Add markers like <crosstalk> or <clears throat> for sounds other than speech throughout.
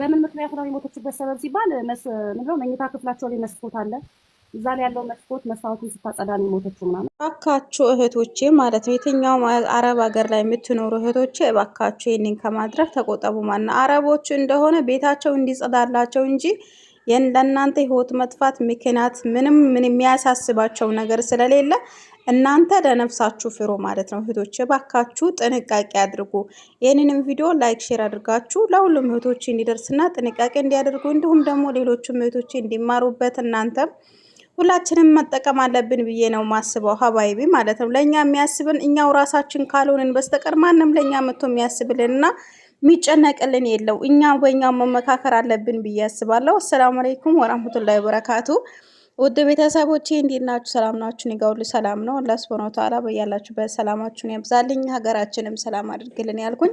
በምን ምክንያት ነው የሞተችበት ሰበብ ሲባል ምንድነው መኝታ ክፍላቸው ላይ መስኮት አለ እዛ ላይ ያለው መስኮት መስታወቱን ስታጸዳ ነው የሞተችው ምናምን። እባካችሁ እህቶቼ ማለት ነው የትኛውም አረብ ሀገር ላይ የምትኖሩ እህቶቼ እባካችሁ ይህንን ከማድረግ ተቆጠቡ። ማና አረቦቹ እንደሆነ ቤታቸው እንዲጸዳላቸው እንጂ ለእናንተ ህይወት መጥፋት ምክንያት ምንም ምን የሚያሳስባቸው ነገር ስለሌለ እናንተ ለነፍሳችሁ ፍሮ ማለት ነው። እህቶች ባካችሁ ጥንቃቄ አድርጉ። ይህንንም ቪዲዮ ላይክ፣ ሼር አድርጋችሁ ለሁሉም እህቶች እንዲደርስና ጥንቃቄ እንዲያደርጉ እንዲሁም ደግሞ ሌሎቹም እህቶች እንዲማሩበት እናንተ ሁላችንም መጠቀም አለብን ብዬ ነው ማስበው። ሀባይቢ ማለት ነው ለእኛ የሚያስብን እኛው ራሳችን ካልሆንን በስተቀር ማንም ለእኛ መቶ የሚያስብልንና የሚጨነቅልን የለው። እኛ በእኛው መመካከር አለብን ብዬ አስባለሁ። አሰላሙ አለይኩም ወራህመቱላሂ ወበረካቱ ውድ ቤተሰቦቼ እንዴት ናችሁ? ሰላም ናችሁ? እኔ ጋር ሁሉ ሰላም ነው። አላህ ሱብሐነሁ ወተዓላ በያላችሁበት ሰላማችሁን ያብዛልኝ፣ ሀገራችንም ሰላም አድርግልን ያልኩኝ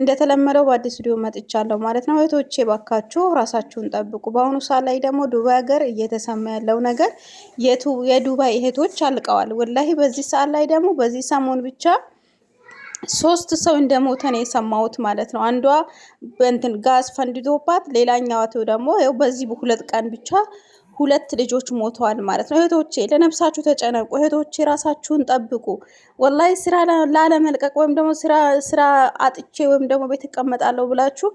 እንደተለመደው በአዲስ ቪዲዮ መጥቻለሁ ማለት ነው። እህቶቼ ባካችሁ ራሳችሁን ጠብቁ። በአሁኑ ሰዓት ላይ ደግሞ ዱባይ ሀገር እየተሰማ ያለው ነገር የዱባይ እህቶች አልቀዋል። ወላሂ በዚህ ሰዓት ላይ ደግሞ በዚህ ሰሞን ብቻ ሶስት ሰው እንደሞተ ነው የሰማሁት ማለት ነው። አንዷ በእንትን ጋዝ ፈንድቶባት ሌላኛዋ ደግሞ ያው በዚህ በሁለት ቀን ብቻ ሁለት ልጆች ሞተዋል ማለት ነው። እህቶቼ ለነፍሳችሁ ተጨነቁ። እህቶቼ ራሳችሁን ጠብቁ። ወላይ ስራ ላለመልቀቅ ወይም ደግሞ ስራ አጥቼ ወይም ደግሞ ቤት እቀመጣለሁ ብላችሁ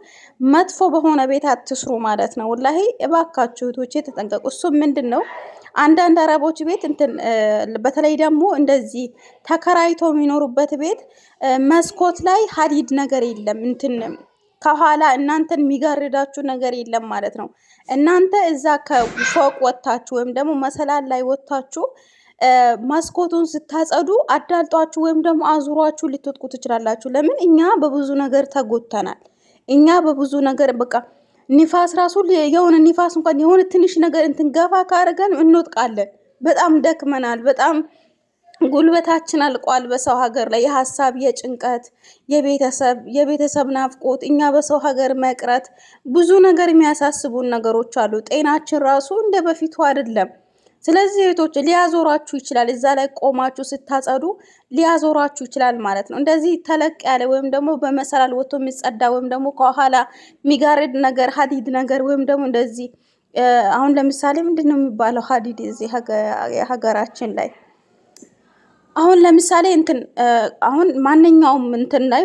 መጥፎ በሆነ ቤት አትስሩ ማለት ነው። ወላሂ እባካችሁ እህቶቼ ተጠንቀቁ። እሱም ምንድን ነው አንዳንድ አረቦች ቤት እንትን በተለይ ደግሞ እንደዚህ ተከራይቶ የሚኖሩበት ቤት መስኮት ላይ ሀዲድ ነገር የለም እንትን ከኋላ እናንተን የሚጋርዳችሁ ነገር የለም ማለት ነው። እናንተ እዛ ከፎቅ ወጥታችሁ ወይም ደግሞ መሰላል ላይ ወጥታችሁ መስኮቱን ስታጸዱ አዳልጧችሁ ወይም ደግሞ አዙሯችሁ ልትወጥቁ ትችላላችሁ። ለምን እኛ በብዙ ነገር ተጎተናል እኛ በብዙ ነገር በቃ ኒፋስ ራሱ የሆነ ኒፋስ እንኳን የሆነ ትንሽ ነገር እንትን ገፋ ካደረገን እንወጥቃለን። በጣም ደክመናል። በጣም ጉልበታችን አልቋል። በሰው ሀገር ላይ የሀሳብ የጭንቀት የቤተሰብ የቤተሰብ ናፍቆት እኛ በሰው ሀገር መቅረት ብዙ ነገር የሚያሳስቡን ነገሮች አሉ። ጤናችን ራሱ እንደ በፊቱ አይደለም። ስለዚህ ቤቶች ሊያዞራችሁ ይችላል። እዛ ላይ ቆማችሁ ስታጸዱ ሊያዞራችሁ ይችላል ማለት ነው። እንደዚህ ተለቅ ያለ ወይም ደግሞ በመሰላል ወጥቶ የሚጸዳ ወይም ደግሞ ከኋላ የሚጋርድ ነገር ሀዲድ ነገር ወይም ደግሞ እንደዚህ አሁን ለምሳሌ ምንድን ነው የሚባለው ሀዲድ እዚህ ሀገራችን ላይ አሁን ለምሳሌ እንትን አሁን ማንኛውም እንትን ላይ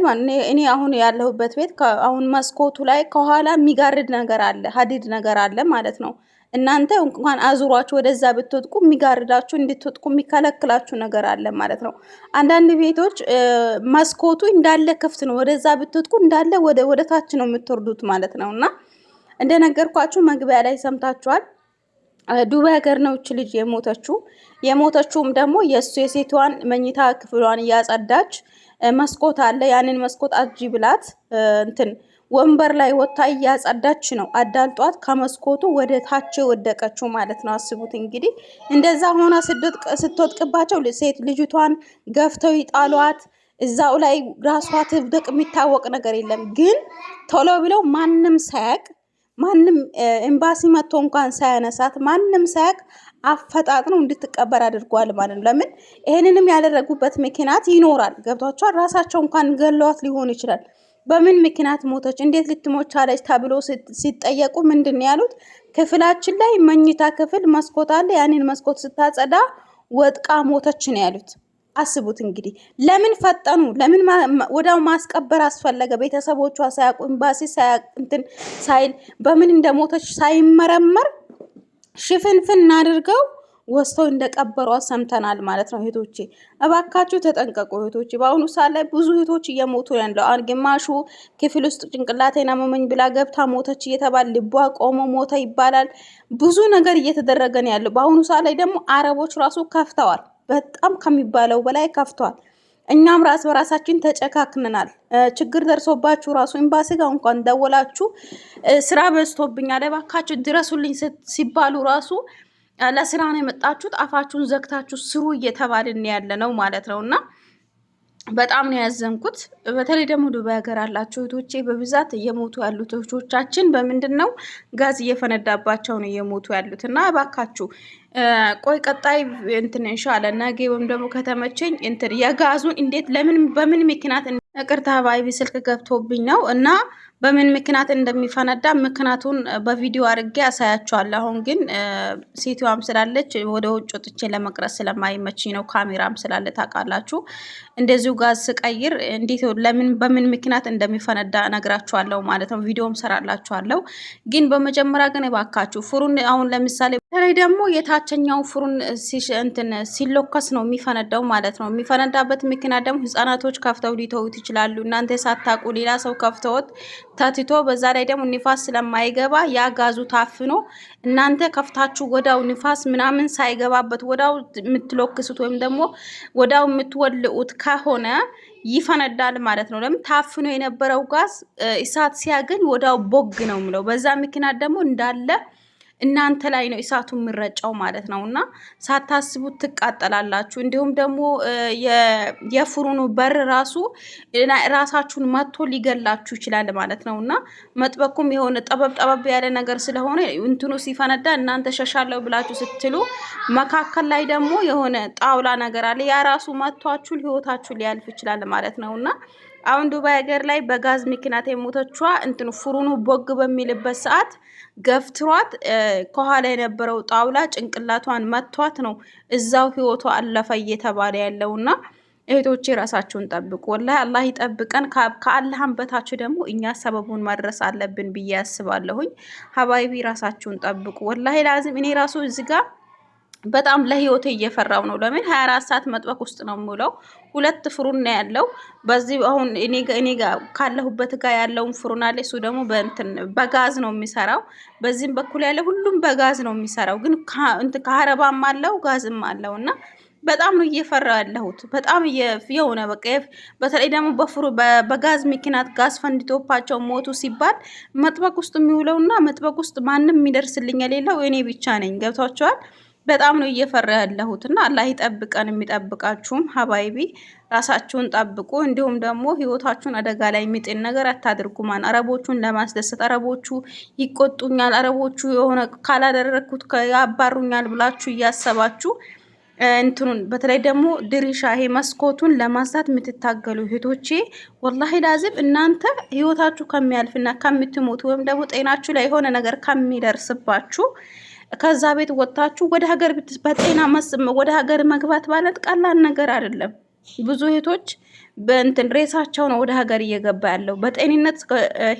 እኔ አሁን ያለሁበት ቤት አሁን መስኮቱ ላይ ከኋላ የሚጋርድ ነገር አለ፣ ሀዲድ ነገር አለ ማለት ነው። እናንተ እንኳን አዙሯችሁ ወደዛ ብትወጥቁ የሚጋርዳችሁ እንድትወጥቁ የሚከለክላችሁ ነገር አለ ማለት ነው። አንዳንድ ቤቶች መስኮቱ እንዳለ ክፍት ነው፣ ወደዛ ብትወጥቁ እንዳለ ወደ ታች ነው የምትወርዱት ማለት ነው። እና እንደነገርኳችሁ መግቢያ ላይ ሰምታችኋል። ዱባይ ሀገር ነው እች ልጅ የሞተችው። የሞተችውም ደግሞ የእሱ የሴቷን መኝታ ክፍሏን እያጸዳች መስኮት አለ፣ ያንን መስኮት አጅ ብላት እንትን ወንበር ላይ ወጥታ እያጸዳች ነው አዳልጧት ከመስኮቱ ወደ ታች ወደቀችው ማለት ነው። አስቡት እንግዲህ እንደዛ ሆና ስትወጥቅባቸው ሴት ልጅቷን ገፍተው ይጣሏት። እዛው ላይ ራሷ ትብደቅ፣ የሚታወቅ ነገር የለም ግን ቶሎ ብለው ማንም ሳያቅ ማንም ኤምባሲ መጥቶ እንኳን ሳያነሳት ማንም ሳያቅ አፈጣጥነው እንድትቀበር አድርጓል ማለት ነው። ለምን ይሄንንም ያደረጉበት ምክንያት ይኖራል። ገብቷቸዋል። ራሳቸው እንኳን ገለዋት ሊሆን ይችላል። በምን ምክንያት ሞተች፣ እንዴት ልትሞች አለች ተብሎ ሲጠየቁ ምንድን ያሉት? ክፍላችን ላይ መኝታ ክፍል መስኮት አለ፣ ያንን መስኮት ስታጸዳ ወጥቃ ሞተች ነው ያሉት። አስቡት እንግዲህ ለምን ፈጠኑ? ለምን ወዲያው ማስቀበር አስፈለገ? ቤተሰቦቿ ሳያውቁ ኤምባሲ እንትን ሳይል በምን እንደሞተች ሳይመረመር ሽፍንፍን አድርገው ወስተው እንደቀበሯት ሰምተናል ማለት ነው። እህቶቼ እባካችሁ ተጠንቀቁ። እህቶቼ በአሁኑ ሰዓት ላይ ብዙ እህቶች እየሞቱ ያለው አሁን ግማሹ ክፍል ውስጥ ጭንቅላቴን አመመኝ ብላ ገብታ ሞተች እየተባለ ልቧ ቆሞ ሞተ ይባላል። ብዙ ነገር እየተደረገ ነው ያለው። በአሁኑ ሰዓት ላይ ደግሞ አረቦች ራሱ ከፍተዋል በጣም ከሚባለው በላይ ከፍቷል። እኛም ራስ በራሳችን ተጨካክነናል። ችግር ደርሶባችሁ ራሱ ኤምባሲ ጋር እንኳን ደወላችሁ ስራ በዝቶብኛል እባካችሁ ድረሱልኝ ሲባሉ ራሱ ለስራ ነው የመጣችሁት አፋችሁን ዘግታችሁ ስሩ እየተባልን ያለ ነው ማለት ነው እና በጣም ነው ያዘንኩት። በተለይ ደግሞ ዱባይ ሀገር አላቸው እህቶቼ በብዛት እየሞቱ ያሉት እህቶቻችን በምንድን ነው ጋዝ እየፈነዳባቸው ነው እየሞቱ ያሉት እና እባካችሁ ቆይ ቀጣይ እንትን እንሻለ ነገ ወይም ደግሞ ከተመቸኝ እንትን የጋዙን እንዴት ለምን በምን ምክንያት እቅርታ ባይቢ ስልክ ገብቶብኝ ነው እና በምን ምክንያት እንደሚፈነዳ ምክንያቱን በቪዲዮ አድርጌ አሳያቸዋለሁ። አሁን ግን ሴትዋም ስላለች ወደ ውጭ ወጥቼ ለመቅረጽ ስለማይመችኝ ነው። ካሜራም ስላለ ታውቃላችሁ። እንደዚሁ ጋዝ ስቀይር እንዴት ለምን በምን ምክንያት እንደሚፈነዳ እነግራችኋለሁ ማለት ነው። ቪዲዮም ሰራላችኋለሁ። ግን በመጀመሪያ ግን እባካችሁ ፍሩን አሁን ለምሳሌ በተለይ ደግሞ የታችኛው ፍሩን እንትን ሲሎከስ ነው የሚፈነዳው ማለት ነው። የሚፈነዳበት ምክንያት ደግሞ ህጻናቶች ከፍተው ሊተውት ይችላሉ። እናንተ ሳታቁ ሌላ ሰው ከፍተውት ተትቶ፣ በዛ ላይ ደግሞ ንፋስ ስለማይገባ ያ ጋዙ ታፍኖ እናንተ ከፍታችሁ ወዳው ንፋስ ምናምን ሳይገባበት ወዳው የምትሎክሱት ወይም ደግሞ ወዳው የምትወልዑት ከሆነ ይፈነዳል ማለት ነው። ለምን ታፍኖ የነበረው ጋዝ እሳት ሲያገኝ ወዳው ቦግ ነው ምለው። በዛ ምክንያት ደግሞ እንዳለ እናንተ ላይ ነው እሳቱ የሚረጫው ማለት ነው። እና ሳታስቡት ትቃጠላላችሁ። እንዲሁም ደግሞ የፍሩኑ በር ራሱ ራሳችሁን መቶ ሊገላችሁ ይችላል ማለት ነው። እና መጥበኩም የሆነ ጠበብ ጠበብ ያለ ነገር ስለሆነ እንትኑ ሲፈነዳ እናንተ ሸሻለሁ ብላችሁ ስትሉ መካከል ላይ ደግሞ የሆነ ጣውላ ነገር አለ። ያ ራሱ መቷችሁ ህይወታችሁ ሊያልፍ ይችላል ማለት ነው እና አሁን ዱባይ ሀገር ላይ በጋዝ ምክንያት የሞተቿ እንትኑ ፍሩኑ ቦግ በሚልበት ሰዓት ገፍትሯት ከኋላ የነበረው ጣውላ ጭንቅላቷን መቷት ነው እዛው ህይወቷ አለፈ እየተባለ ያለውና እህቶቼ ራሳችሁን ጠብቁ። ወላሂ አላህ ይጠብቀን። ከአላህም በታችሁ ደግሞ እኛ ሰበቡን መድረስ አለብን ብዬ ያስባለሁኝ። ሀባይቢ ራሳችሁን ጠብቁ። ወላሂ ላዚም እኔ ራሱ እዚህ ጋር በጣም ለህይወት እየፈራው ነው። ለምን 24 ሰዓት መጥበቅ ውስጥ ነው የምውለው። ሁለት ፍሩን ነው ያለው በዚህ አሁን እኔ እኔ ጋር ካለሁበት ጋር ያለውን ፍሩን አለ። እሱ ደግሞ በእንትን በጋዝ ነው የሚሰራው። በዚህም በኩል ያለ ሁሉም በጋዝ ነው የሚሰራው። ግን እንት ከሀረባም አለው ጋዝም አለው እና በጣም ነው እየፈራ ያለሁት። በጣም የሆነ በቃ በተለይ ደግሞ በፍሩ በጋዝ ምክንያት ጋዝ ፈንድቶባቸው ሞቱ ሲባል መጥበቅ ውስጥ የሚውለውና መጥበቅ ውስጥ ማንም የሚደርስልኝ የሌለው እኔ ብቻ ነኝ። ገብቷቸዋል በጣም ነው እየፈራ ያለሁት እና አላህ ይጠብቀን። የሚጠብቃችሁም ሀባይቢ ራሳችሁን ጠብቁ። እንዲሁም ደግሞ ህይወታችሁን አደጋ ላይ የሚጥል ነገር አታድርጉ። ማን አረቦቹን ለማስደሰት አረቦቹ ይቆጡኛል፣ አረቦቹ የሆነ ካላደረግኩት ያባሩኛል ብላችሁ እያሰባችሁ እንትኑን በተለይ ደግሞ ድሪሻ ይሄ መስኮቱን ለማንሳት የምትታገሉ እህቶቼ ወላሂ ላዚብ እናንተ ህይወታችሁ ከሚያልፍና ከምትሞቱ ወይም ደግሞ ጤናችሁ ላይ የሆነ ነገር ከሚደርስባችሁ ከዛ ቤት ወጥታችሁ ወደ ሀገር በጤና መስም ወደ ሀገር መግባት ማለት ቀላል ነገር አይደለም። ብዙ እህቶች በእንትን ሬሳቸው ነው ወደ ሀገር እየገባ ያለው። በጤንነት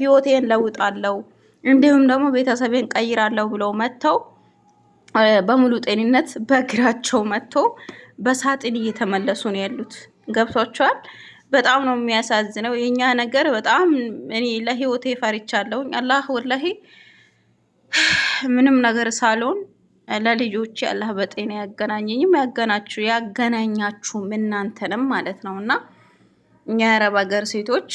ህይወቴን ለውጣለው እንዲሁም ደግሞ ቤተሰቤን ቀይራለሁ ብለው መጥተው በሙሉ ጤንነት በእግራቸው መጥቶ በሳጥን እየተመለሱ ነው ያሉት። ገብቷቸዋል። በጣም ነው የሚያሳዝነው የእኛ ነገር። በጣም እኔ ለህይወቴ ፈርቻለሁኝ። አላህ ወላሄ ምንም ነገር ሳልሆን ለልጆች አላህ በጤና ያገናኘኝም ያገናችሁ ያገናኛችሁም እናንተንም ማለት ነው እና የአረብ ሀገር ሴቶች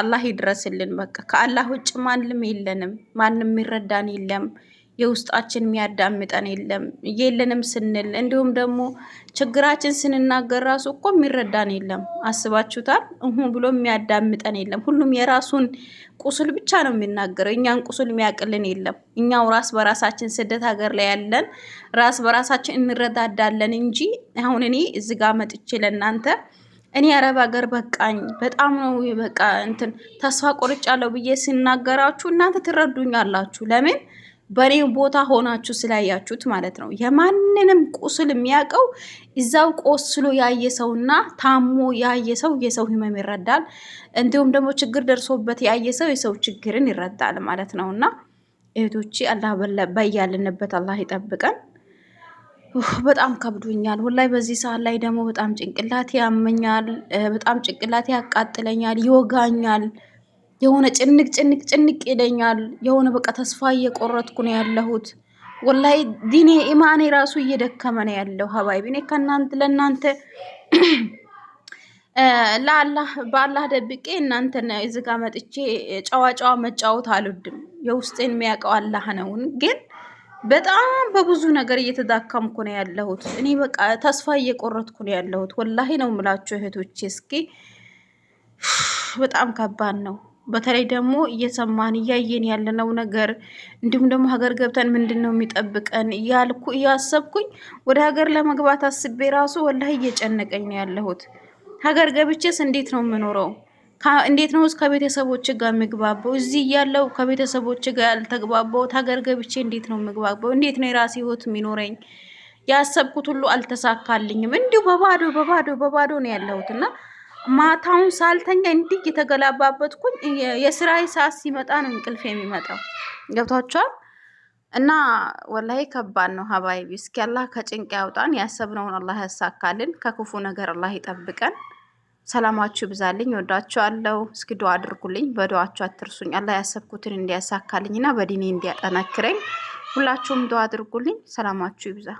አላህ ይድረስልን። በቃ ከአላህ ውጭ ማንም የለንም፣ ማንም የሚረዳን የለም። የውስጣችን የሚያዳምጠን የለም የለንም ስንል እንዲሁም ደግሞ ችግራችን ስንናገር ራሱ እኮ የሚረዳን የለም። አስባችሁታል? እሁ ብሎ የሚያዳምጠን የለም። ሁሉም የራሱን ቁስል ብቻ ነው የሚናገረው። እኛን ቁስል የሚያቅልን የለም። እኛው ራስ በራሳችን ስደት ሀገር ላይ ያለን ራስ በራሳችን እንረዳዳለን እንጂ አሁን እኔ እዚህ ጋ መጥቼ ለእናንተ እኔ አረብ ሀገር በቃኝ በጣም ነው በቃ እንትን ተስፋ ቆርጫለሁ ብዬ ስናገራችሁ እናንተ ትረዱኛላችሁ ለምን በእኔ ቦታ ሆናችሁ ስላያችሁት ማለት ነው። የማንንም ቁስል የሚያውቀው እዛው ቆስሎ ያየ ሰውና ታሞ ያየ ሰው የሰው ህመም ይረዳል። እንዲሁም ደግሞ ችግር ደርሶበት ያየ ሰው የሰው ችግርን ይረዳል ማለት ነው እና እህቶቼ አላህ በያልንበት አላህ ይጠብቀን። በጣም ከብዶኛል ወላሂ። በዚህ ሰዓት ላይ ደግሞ በጣም ጭንቅላት ያመኛል፣ በጣም ጭንቅላት ያቃጥለኛል፣ ይወጋኛል። የሆነ ጭንቅ ጭንቅ ጭንቅ ይለኛል። የሆነ በቃ ተስፋ እየቆረጥኩ ነው ያለሁት። ወላ ዲኔ ኢማኔ ራሱ እየደከመ ነው ያለው። ሀባይቢ እኔ ከእናንተ ለእናንተ <clears throat> ለአላህ በአላህ ደብቄ እናንተን እዚህ መጥቼ ጨዋ ጨዋ መጫወት አልወድም። የውስጤን የሚያውቀው አላህ ነው። ግን በጣም በብዙ ነገር እየተዳከምኩ ነው ያለሁት። እኔ በቃ ተስፋ እየቆረጥኩ ነው ያለሁት። ወላሂ ነው ምላቸው እህቶቼ። እስኪ <sniffs> በጣም ከባድ ነው። በተለይ ደግሞ እየሰማን እያየን ያለነው ነገር እንዲሁም ደግሞ ሀገር ገብተን ምንድን ነው የሚጠብቀን እያልኩ እያሰብኩኝ ወደ ሀገር ለመግባት አስቤ ራሱ ወላሂ እየጨነቀኝ ነው ያለሁት። ሀገር ገብቼስ እንዴት ነው የምኖረው? እንዴት ነው ከቤተሰቦች ጋር የምግባበው? እዚህ እያለሁ ከቤተሰቦች ጋር ያልተግባባሁት ሀገር ገብቼ እንዴት ነው የምግባበው? እንዴት ነው የራሴ ህይወት የሚኖረኝ? ያሰብኩት ሁሉ አልተሳካልኝም። እንዲሁ በባዶ በባዶ በባዶ ነው ያለሁት እና ማታውን ሳልተኛ እንዲህ የተገላባበትኩኝ የስራ ሰዓት ሲመጣ ነው እንቅልፍ የሚመጣው። ገብቷቸዋል። እና ወላሂ ከባድ ነው ሀባይቢ። እስኪ አላህ ከጭንቅ ያውጣን፣ ያሰብነውን አላህ ያሳካልን፣ ከክፉ ነገር አላህ ይጠብቀን። ሰላማችሁ ይብዛልኝ። ወዳችኋለሁ። እስኪ ዱዓ አድርጉልኝ፣ በዱዓችሁ አትርሱኝ። አላህ ያሰብኩትን እንዲያሳካልኝ እና በዲኔ እንዲያጠነክረኝ ሁላችሁም ዱዓ አድርጉልኝ። ሰላማችሁ ይብዛ።